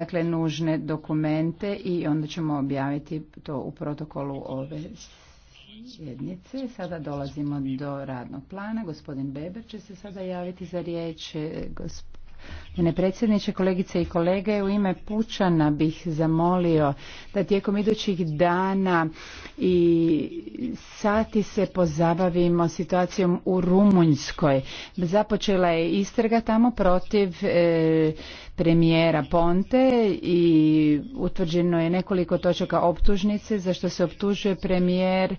dakle nužne dokumente i onda ćemo objaviti to u protokolu ove sjednice. Sada dolazimo do radnog plana. Gospodin Beber će se sada javiti za riječ. Gospodin Mene predsjedniče, kolegice i kolege, u ime Pučana bih zamolio da tijekom idućih dana i sati se pozabavimo situacijom u Rumunjskoj. Započela je istraga tamo protiv e, premijera Ponte i utvrđeno je nekoliko točaka optužnice za što se optužuje premijer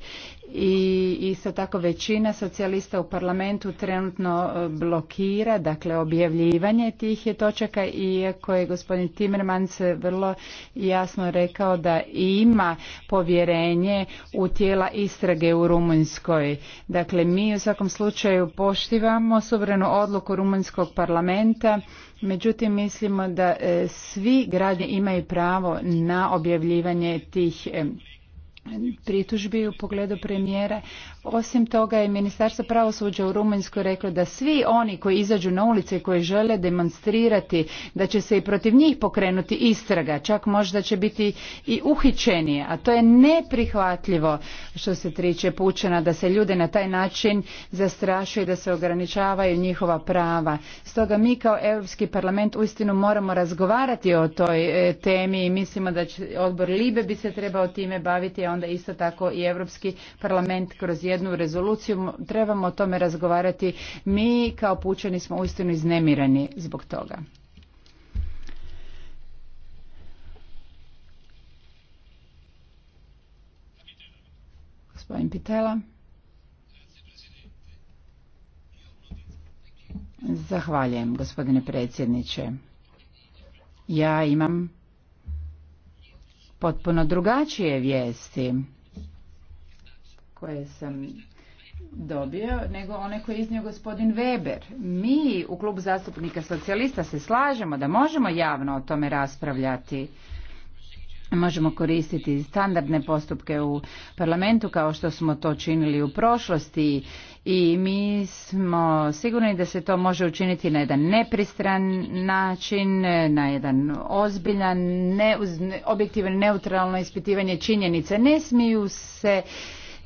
i isto tako većina socijalista u parlamentu trenutno e, blokira dakle objavljivanje tih je točaka iako je gospodin Timmermans vrlo jasno rekao da ima povjerenje u tijela istrage u Rumunjskoj. Dakle mi u svakom slučaju poštivamo suverenu odluku Rumunjskog parlamenta Međutim, mislimo da e, svi građani imaju pravo na objavljivanje tih e, pritužbi u pogledu premijera osim toga je Ministarstvo pravosuđa u Rumunjskoj reklo da svi oni koji izađu na ulice i koji žele demonstrirati da će se i protiv njih pokrenuti istraga, čak možda će biti i uhićenije, a to je neprihvatljivo što se triče pučena da se ljude na taj način i da se ograničavaju njihova prava. Stoga mi kao Europski parlament uistinu moramo razgovarati o toj e, temi i mislimo da će odbor Libe bi se trebao time baviti, a onda isto tako i Europski parlament kroz jednu rezoluciju, trebamo o tome razgovarati. Mi kao pučani smo uistinu iznemirani zbog toga. Gospodin Pitela. Zahvaljujem, gospodine predsjedniče. Ja imam potpuno drugačije vijesti koje sam dobio, nego one koje je iznio gospodin Weber. Mi u klubu zastupnika socijalista se slažemo da možemo javno o tome raspravljati. Možemo koristiti standardne postupke u parlamentu kao što smo to činili u prošlosti i mi smo sigurni da se to može učiniti na jedan nepristran način, na jedan ozbiljan, ne, objektivan, neutralno ispitivanje činjenica. Ne smiju se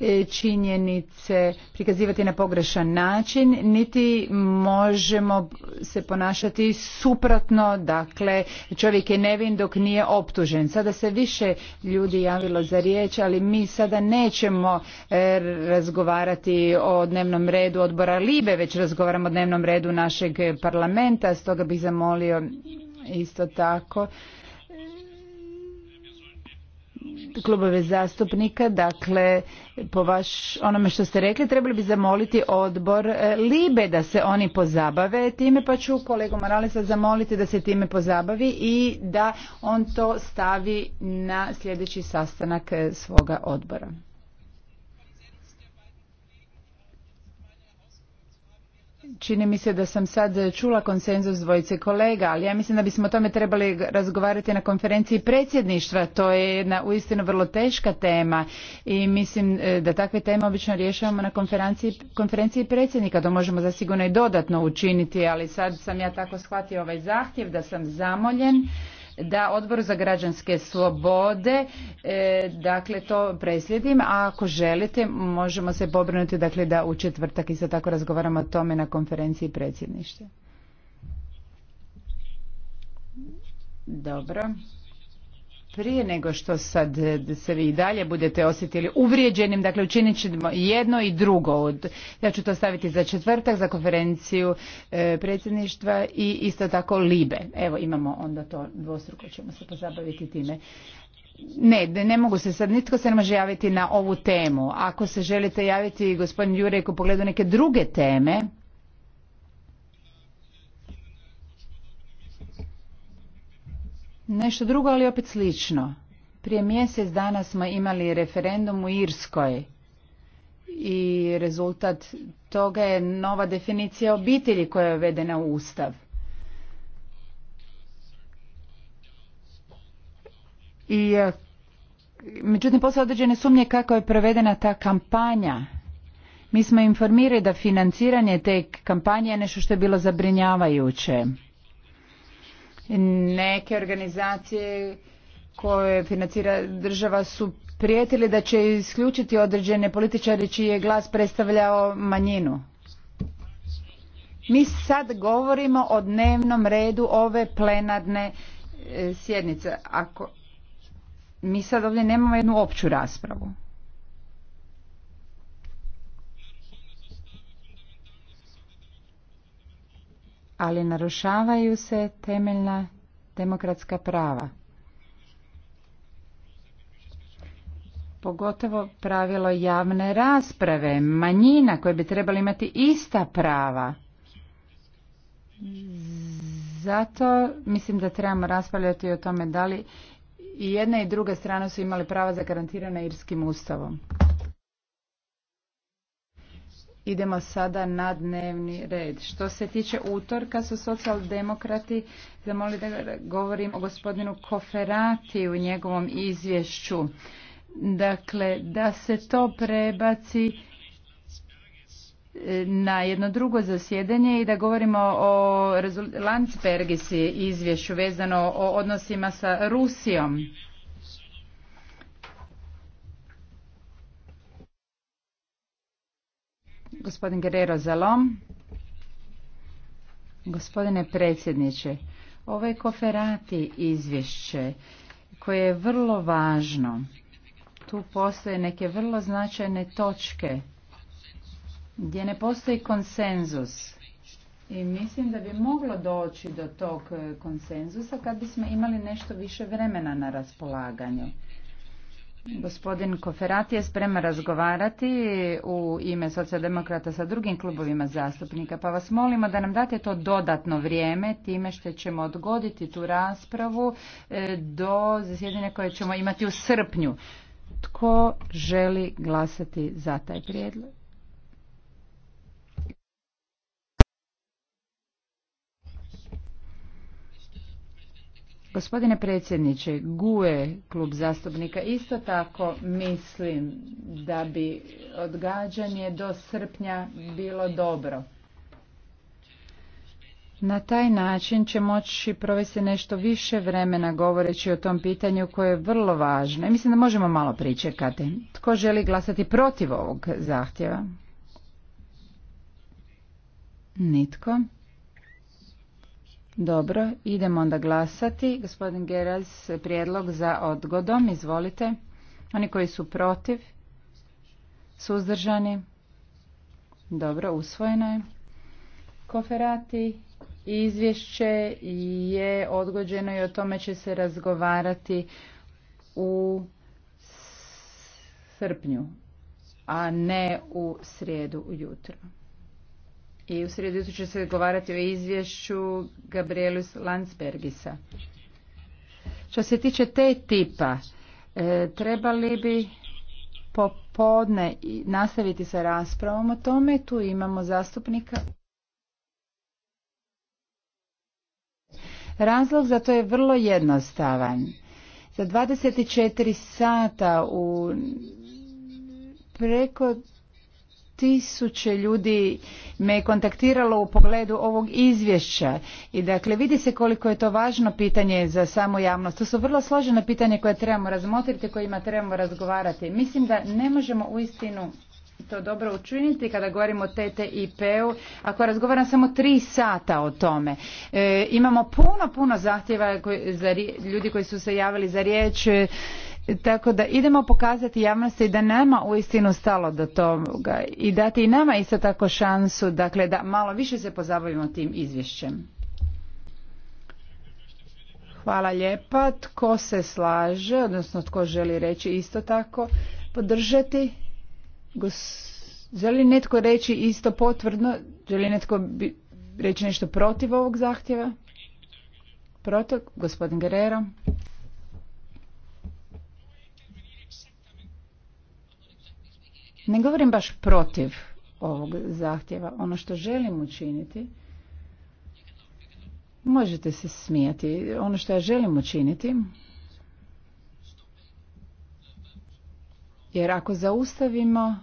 E, činjenice prikazivati na pogrešan način, niti možemo se ponašati suprotno, dakle čovjek je nevin dok nije optužen. Sada se više ljudi javilo za riječ, ali mi sada nećemo e, razgovarati o dnevnom redu odbora Libe, već razgovaramo o dnevnom redu našeg parlamenta, stoga bih zamolio isto tako klubove zastupnika, dakle po vaš onome što ste rekli trebali bi zamoliti odbor e, Libe da se oni pozabave time pa ću kolegu Moralesa zamoliti da se time pozabavi i da on to stavi na sljedeći sastanak e, svoga odbora. Čini mi se da sam sad čula konsenzus dvojice kolega, ali ja mislim da bismo o tome trebali razgovarati na konferenciji predsjedništva. To je jedna uistinu vrlo teška tema i mislim e, da takve teme obično rješavamo na konferenciji, konferenciji predsjednika. To možemo zasigurno i dodatno učiniti, ali sad sam ja tako shvatio ovaj zahtjev da sam zamoljen da odbor za građanske slobode e, dakle to preslijedim a ako želite možemo se pobrinuti dakle da u četvrtak i sad tako razgovaramo o tome na konferenciji predsjedništva. Dobro. Prije nego što sad e, se vi i dalje budete osjetili uvrijeđenim, dakle učinit ćemo jedno i drugo. Ja ću to staviti za četvrtak, za konferenciju e, predsjedništva i isto tako Libe. Evo imamo onda to dvostruko ćemo se pozabaviti time. Ne, ne mogu se sad, nitko se ne može javiti na ovu temu. Ako se želite javiti gospodin Jurek u pogledu neke druge teme, nešto drugo, ali opet slično. Prije mjesec dana smo imali referendum u Irskoj i rezultat toga je nova definicija obitelji koja je uvedena u Ustav. I, e, međutim, postoje određene sumnje kako je provedena ta kampanja. Mi smo informirali da financiranje te kampanje je nešto što je bilo zabrinjavajuće. Neke organizacije koje financira država su prijetili da će isključiti određene političari čiji je glas predstavljao manjinu. Mi sad govorimo o dnevnom redu ove plenarne e, sjednice. Ako mi sad ovdje nemamo jednu opću raspravu. ali narušavaju se temeljna demokratska prava. Pogotovo pravilo javne rasprave, manjina koje bi trebali imati ista prava. Zato mislim da trebamo raspravljati o tome da li i jedna i druga strana su imali prava zagarantirana irskim ustavom. Idemo sada na dnevni red. Što se tiče utorka su socijaldemokrati zamolili da govorim o gospodinu Koferati u njegovom izvješću. Dakle, da se to prebaci e, na jedno drugo zasjedanje i da govorimo o Landsbergisi izvješću vezano o odnosima sa Rusijom. Gospodin Guerrero Zalom. Gospodine predsjedniče, ovo ovaj je koferati izvješće koje je vrlo važno. Tu postoje neke vrlo značajne točke gdje ne postoji konsenzus. I mislim da bi moglo doći do tog konsenzusa kad bismo imali nešto više vremena na raspolaganju. Gospodin Koferati je spreman razgovarati u ime socijaldemokrata sa drugim klubovima zastupnika, pa vas molimo da nam date to dodatno vrijeme time što ćemo odgoditi tu raspravu e, do zasjedine koje ćemo imati u srpnju. Tko želi glasati za taj prijedlog? Gospodine predsjedniče, GUE, klub zastupnika, isto tako mislim da bi odgađanje do srpnja bilo dobro. Na taj način će moći provesti nešto više vremena govoreći o tom pitanju koje je vrlo važno. mislim da možemo malo pričekati. Tko želi glasati protiv ovog zahtjeva? Nitko. Dobro, idemo onda glasati. Gospodin Gerals, prijedlog za odgodom, izvolite. Oni koji su protiv, suzdržani. Dobro, usvojeno je. Koferati izvješće je odgođeno i o tome će se razgovarati u srpnju, a ne u srijedu ujutro i u srijedu će se govarati o izvješću Gabrielus Landsbergisa. Što se tiče te tipa, e, trebali bi popodne nastaviti sa raspravom o tome. Tu imamo zastupnika. Razlog za to je vrlo jednostavan. Za 24 sata u preko tisuće ljudi me kontaktiralo u pogledu ovog izvješća i dakle vidi se koliko je to važno pitanje za samu javnost. To su vrlo složena pitanja koja trebamo razmotriti, kojima trebamo razgovarati. Mislim da ne možemo uistinu to dobro učiniti kada govorimo o TTIP-u, ako razgovaram samo tri sata o tome. E, imamo puno, puno zahtjeva koji, ljudi koji su se javili za riječ, tako da idemo pokazati javnosti da nama uistinu stalo do toga i dati i nama isto tako šansu dakle, da malo više se pozabavimo tim izvješćem. Hvala lijepa. Tko se slaže, odnosno tko želi reći isto tako podržati? Želi netko reći isto potvrdno? Želi netko reći nešto protiv ovog zahtjeva? Protiv? Gospodin Guerrero. Ne govorim baš protiv ovog zahtjeva. Ono što želim učiniti, možete se smijati, ono što ja želim učiniti, jer ako zaustavimo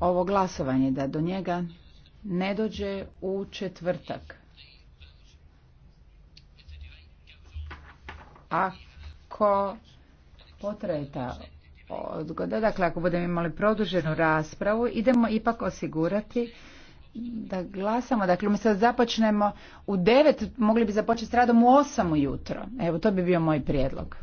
ovo glasovanje, da do njega ne dođe u četvrtak, ako potraje ta odgoda. Dakle, ako budemo imali produženu raspravu, idemo ipak osigurati da glasamo. Dakle, mi sad započnemo u devet, mogli bi započeti s radom u osam ujutro. Evo, to bi bio moj prijedlog.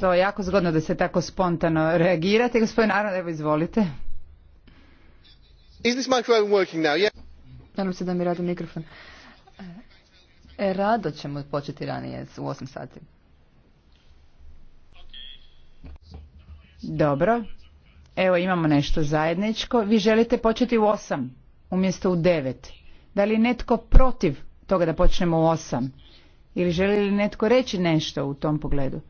To je jako zgodno da se tako spontano reagirate. Gospodin Aron, evo izvolite. Is this microphone working now? Yeah. Nadam se da mi radi mikrofon. E, rado ćemo početi ranije u 8 sati. Dobro. Evo imamo nešto zajedničko. Vi želite početi u 8 umjesto u 9. Da li netko protiv toga da počnemo u 8? Ili želi li netko reći nešto u tom pogledu?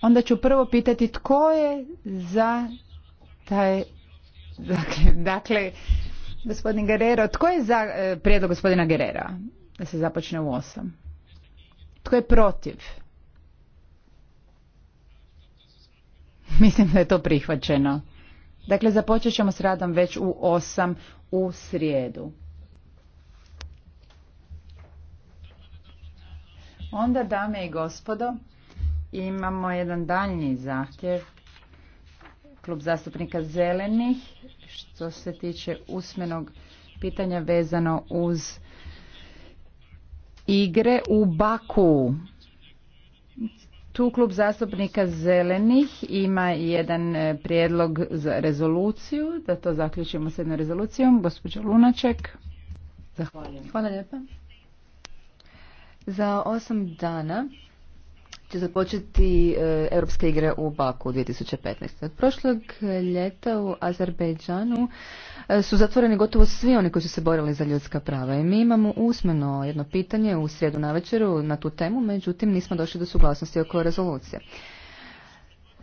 Onda ću prvo pitati tko je za taj... Dakle, dakle gospodin Guerrero, tko je za e, prijedlog gospodina Guerrera da se započne u osam? Tko je protiv? Mislim da je to prihvaćeno. Dakle, započet ćemo s radom već u osam u srijedu. Onda, dame i gospodo, imamo jedan daljnji zahtjev klub zastupnika zelenih što se tiče usmenog pitanja vezano uz igre u Baku. Tu klub zastupnika zelenih ima jedan e, prijedlog za rezoluciju, da to zaključimo s jednom rezolucijom. Gospođa Lunaček, zahvaljujem. Hvala lijepa. Za osam dana će započeti e, Europske igre u Baku 2015. Od prošlog ljeta u Azerbejdžanu e, su zatvoreni gotovo svi oni koji su se borili za ljudska prava. I mi imamo usmeno jedno pitanje u srijedu večeru na tu temu, međutim nismo došli do suglasnosti oko rezolucije.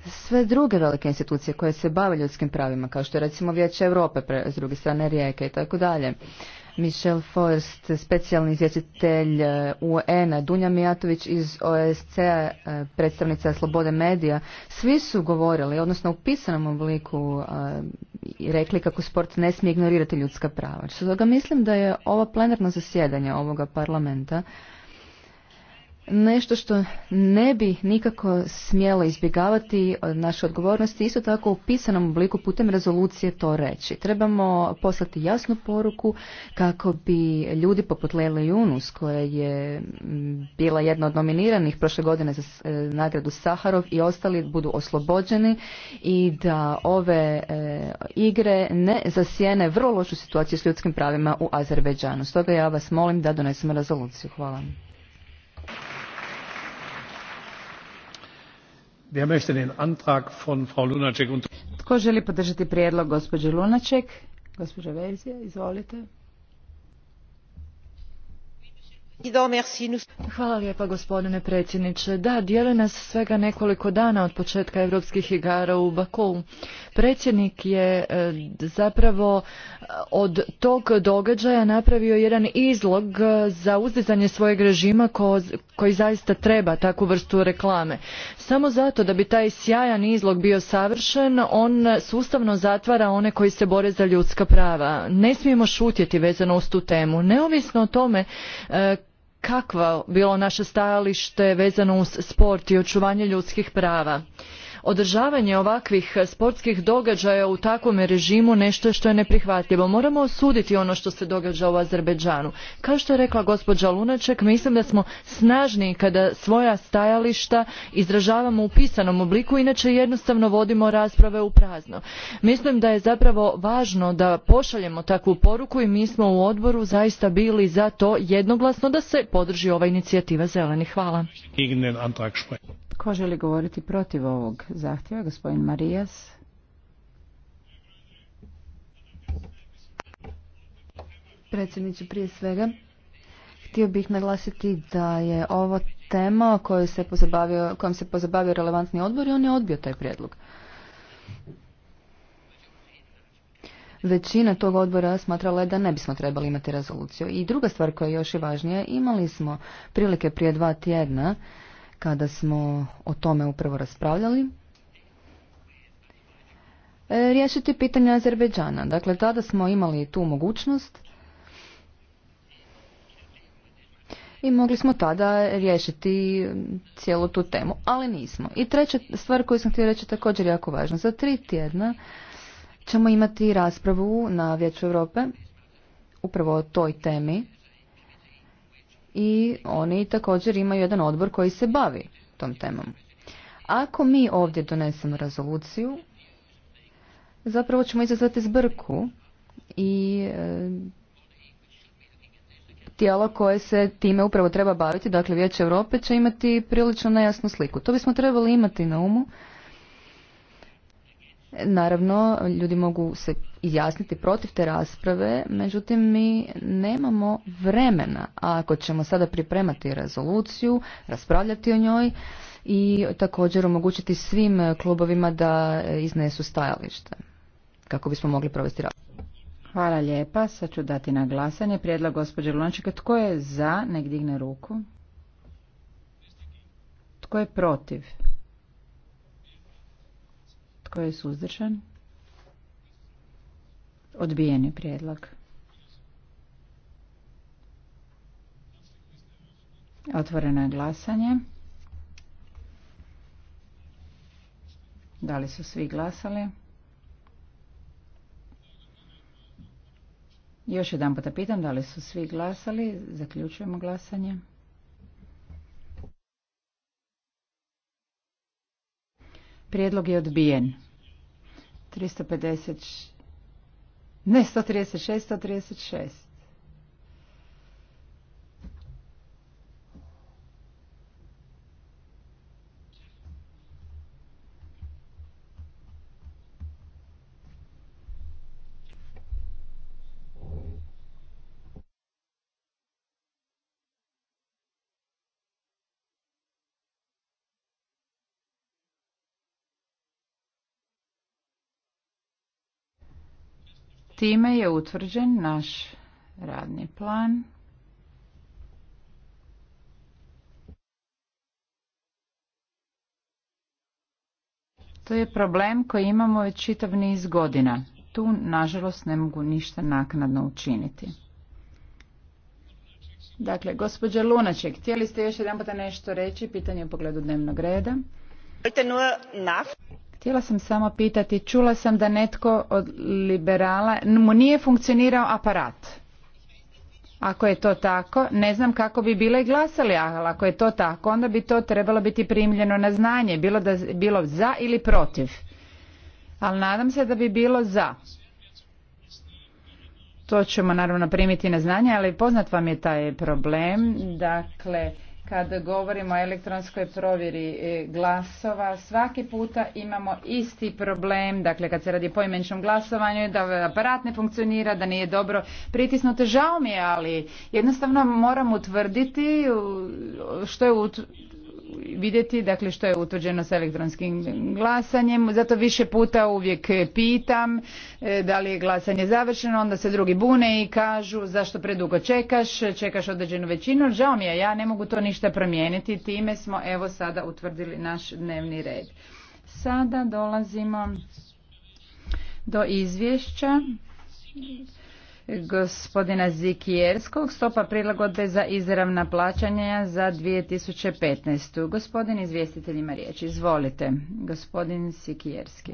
Sve druge velike institucije koje se bave ljudskim pravima, kao što je recimo Vijeće Europe s druge strane rijeke i tako dalje, Michel Forst, specijalni izvjestitelj e, un Dunja Mijatović iz OSC, e, predstavnica Slobode medija, svi su govorili, odnosno u pisanom obliku e, i rekli kako sport ne smije ignorirati ljudska prava. Što mislim da je ovo plenarno zasjedanje ovoga parlamenta nešto što ne bi nikako smjelo izbjegavati e, naše odgovornosti, isto tako u pisanom obliku putem rezolucije to reći. Trebamo poslati jasnu poruku kako bi ljudi poput Lele Junus, koja je bila jedna od nominiranih prošle godine za e, nagradu Saharov i ostali budu oslobođeni i da ove e, igre ne zasjene vrlo lošu situaciju s ljudskim pravima u Azerbejdžanu. Stoga ja vas molim da donesemo rezoluciju. Hvala. Tko želi podržati prijedlog gospođe Lunaček? Gospođa Verzija, izvolite. Hvala lijepa gospodine predsjedniče. Da, dijele nas svega nekoliko dana od početka europskih igara u bakuu. Predsjednik je e, zapravo e, od tog događaja napravio jedan izlog e, za uzdizanje svojeg režima koji zaista treba takvu vrstu reklame. Samo zato da bi taj sjajan izlog bio savršen, on sustavno zatvara one koji se bore za ljudska prava. Ne smijemo šutjeti vezano uz tu temu. Neovisno o tome kakvo bilo naše stajalište vezano uz sport i očuvanje ljudskih prava. Održavanje ovakvih sportskih događaja u takvom režimu nešto što je neprihvatljivo. Moramo osuditi ono što se događa u Azerbeđanu. Kao što je rekla gospođa Lunaček, mislim da smo snažniji kada svoja stajališta izražavamo u pisanom obliku, inače jednostavno vodimo rasprave u prazno. Mislim da je zapravo važno da pošaljemo takvu poruku i mi smo u odboru zaista bili za to jednoglasno da se podrži ova inicijativa zelenih. Hvala. Ko želi govoriti protiv ovog zahtjeva? Gospodin Marijas. Predsjedniče, prije svega, htio bih naglasiti da je ovo tema se kojom se pozabavio relevantni odbor i on je odbio taj prijedlog. Većina tog odbora smatrala je da ne bismo trebali imati rezoluciju. I druga stvar koja je još i važnija, imali smo prilike prije dva tjedna kada smo o tome upravo raspravljali, e, riješiti pitanje Azerbeđana. Dakle, tada smo imali tu mogućnost i mogli smo tada riješiti cijelu tu temu, ali nismo. I treća stvar koju sam htio reći također jako važna. Za tri tjedna ćemo imati raspravu na Vijeću Europe upravo o toj temi i oni također imaju jedan odbor koji se bavi tom temom. Ako mi ovdje donesemo rezoluciju, zapravo ćemo izazvati zbrku i e, tijelo koje se time upravo treba baviti, dakle Vijeće Europe će imati prilično nejasnu sliku. To bismo trebali imati na umu Naravno, ljudi mogu se izjasniti protiv te rasprave, međutim mi nemamo vremena. A ako ćemo sada pripremati rezoluciju, raspravljati o njoj i također omogućiti svim klubovima da iznesu stajalište kako bismo mogli provesti raspravu. Hvala lijepa. Sad ću dati na glasanje prijedlog gospođe Glončika. Tko je za? Nek digne ruku. Tko je protiv? Tko je suzdržan? Odbijeni prijedlog. Otvoreno je glasanje. Da li su svi glasali? Još jedan pota pitam da li su svi glasali. Zaključujemo glasanje. Prijedlog je odbijen. 350... Ne, 136, 136. Time je utvrđen naš radni plan. To je problem koji imamo već čitav niz godina. Tu, nažalost, ne mogu ništa naknadno učiniti. Dakle, gospođa Lunaček, htjeli ste još jedan nešto reći, pitanje u pogledu dnevnog reda? Htjela sam samo pitati, čula sam da netko od liberala mu nije funkcionirao aparat. Ako je to tako, ne znam kako bi bile glasali, ali ako je to tako, onda bi to trebalo biti primljeno na znanje, bilo, da, bilo za ili protiv. Ali nadam se da bi bilo za. To ćemo naravno primiti na znanje, ali poznat vam je taj problem. Dakle, kad govorimo o elektronskoj provjeri e, glasova, svaki puta imamo isti problem, dakle kad se radi o poimeničnom glasovanju, da aparat ne funkcionira, da nije dobro pritisnuto. Žao mi je, ali jednostavno moram utvrditi što je vidjeti dakle što je utvrđeno sa elektronskim glasanjem zato više puta uvijek pitam e, da li je glasanje završeno onda se drugi bune i kažu zašto predugo čekaš čekaš određenu većinu žao mi je ja ne mogu to ništa promijeniti time smo evo sada utvrdili naš dnevni red sada dolazimo do izvješća gospodina Zikijerskog, stopa prilagodbe za izravna plaćanja za 2015. Gospodin izvjestitelj ima riječ. Izvolite, gospodin Zikijerski.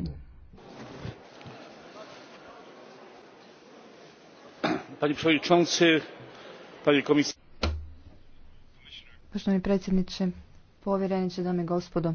Pani przewodniczący, pani komisar... Poštovani predsjedniče, povjereniče, dame gospodo,